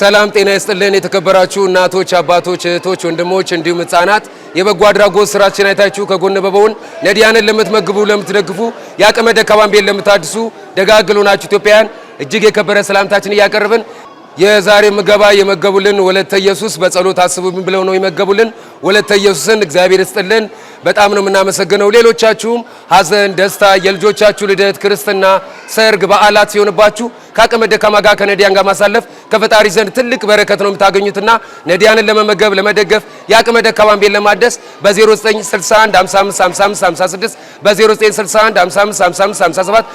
ሰላም ጤና ይስጥልን። የተከበራችሁ እናቶች፣ አባቶች፣ እህቶች፣ ወንድሞች እንዲሁም ህጻናት የበጎ አድራጎት ስራችን አይታችሁ ከጎን በበውን ነዳያንን ለምትመግቡ፣ ለምትደግፉ የአቅመ ደካማን ቤት ለምታድሱ ደጋግሎ ናችሁ ኢትዮጵያውያን እጅግ የከበረ ሰላምታችን እያቀረብን የዛሬ ምገባ የመገቡልን ወለተ ኢየሱስ በጸሎት አስቡ ብለው ነው የመገቡልን። ወለተ ኢየሱስን እግዚአብሔር ይስጥልን። በጣም ነው የምናመሰግነው። ሌሎቻችሁም ሀዘን ደስታ፣ የልጆቻችሁ ልደት፣ ክርስትና፣ ሰርግ፣ በዓላት ሲሆንባችሁ ከአቅመ ደካማ ጋር ከነዲያን ጋር ማሳለፍ ከፈጣሪ ዘንድ ትልቅ በረከት ነው የምታገኙትና ነዲያንን ለመመገብ ለመደገፍ የአቅመ ደካማን ቤት ለማደስ በ0961 555556 በ0961 555557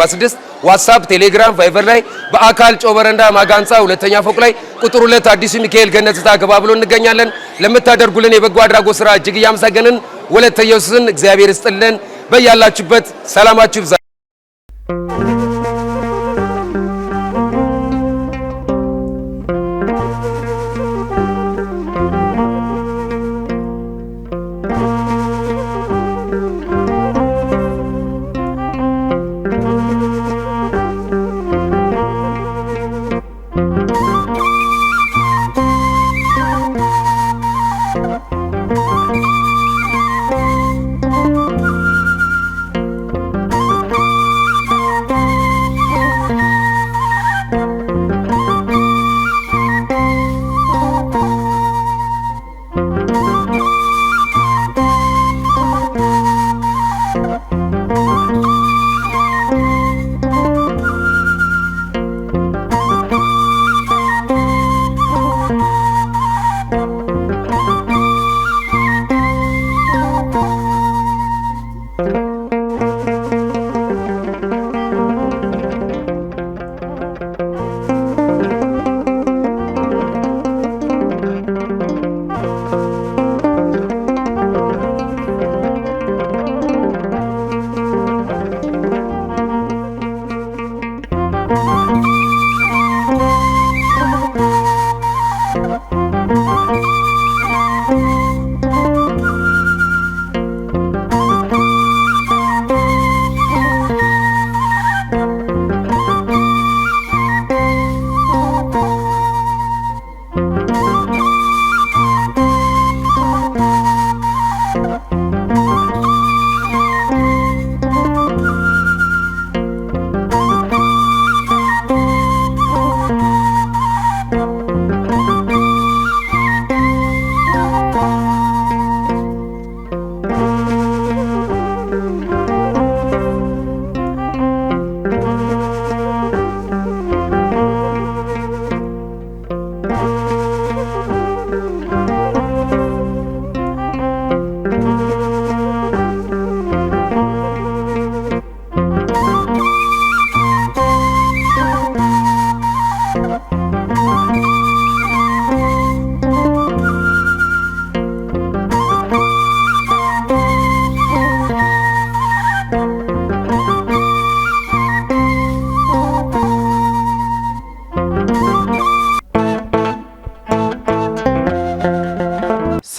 በ0949 ዋትሳፕ፣ ቴሌግራም፣ ቫይቨር ላይ በአካል ጮበረንዳ ማጋንፃ ሁለተኛ ፎቅ ላይ ቁጥር ሁለት አዲሱ ሚካኤል ገነ ገለጽታ አገባብሎ እንገኛለን። ለምታደርጉልን የበጎ አድራጎት ስራ እጅግ እያመሰገንን ወለተ ኢየሱስን እግዚአብሔር ይስጥልን። በያላችሁበት ሰላማችሁ ይብዛ።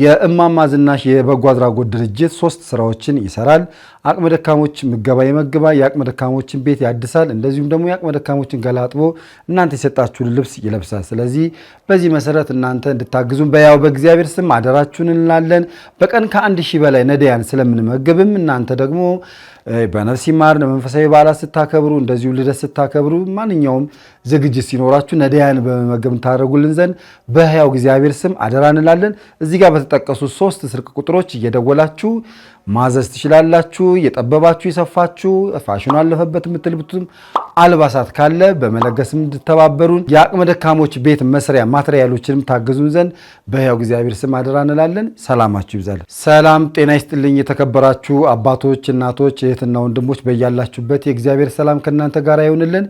የእማማ ዝናሽ የበጎ አድራጎት ድርጅት ሶስት ስራዎችን ይሰራል። አቅመ ደካሞች ምገባ ይመግባል፣ የአቅመ ደካሞችን ቤት ያድሳል፣ እንደዚሁም ደግሞ የአቅመ ደካሞችን ገላጥቦ እናንተ የሰጣችሁን ልብስ ይለብሳል። ስለዚህ በዚህ መሰረት እናንተ እንድታግዙን በያው በእግዚአብሔር ስም አደራችሁን እንላለን። በቀን ከአንድ ሺህ በላይ ነዳያን ስለምንመግብም እናንተ ደግሞ በነፍስ ይማር መንፈሳዊ በዓላት ስታከብሩ፣ እንደዚሁ ልደት ስታከብሩ፣ ማንኛውም ዝግጅት ሲኖራችሁ ነዳያን በመመገብ እንታደረጉልን ዘንድ በህያው እግዚአብሔር ስም አደራ እንላለን እዚህ ጋር በተጠቀሱት ሶስት ስልክ ቁጥሮች እየደወላችሁ ማዘዝ ትችላላችሁ። የጠበባችሁ የሰፋችሁ ፋሽኑ አለፈበት የምትልብቱም አልባሳት ካለ በመለገስ እንድተባበሩን የአቅመ ደካሞች ቤት መስሪያ ማትሪያሎችንም ታግዙን ዘንድ በሕያው እግዚአብሔር ስም አደራ እንላለን። ሰላማችሁ ይብዛል። ሰላም ጤና ይስጥልኝ። የተከበራችሁ አባቶች፣ እናቶች፣ እህትና ወንድሞች በያላችሁበት የእግዚአብሔር ሰላም ከእናንተ ጋር ይሆንልን።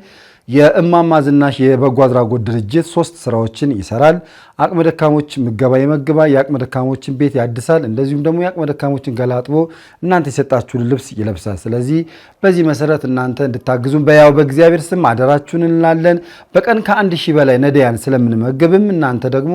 የእማማ ዝናሽ የበጎ አድራጎት ድርጅት ሶስት ስራዎችን ይሰራል። አቅመ ደካሞች ምገባ ይመግባል፣ የአቅመ ደካሞችን ቤት ያድሳል፣ እንደዚሁም ደግሞ የአቅመ ደካሞችን ገላጥቦ እናንተ የሰጣችሁን ልብስ ይለብሳል። ስለዚህ በዚህ መሰረት እናንተ እንድታግዙም በያው በእግዚአብሔር ስም አደራችሁን እንላለን። በቀን ከአንድ ሺህ በላይ ነዳያን ስለምንመገብም እናንተ ደግሞ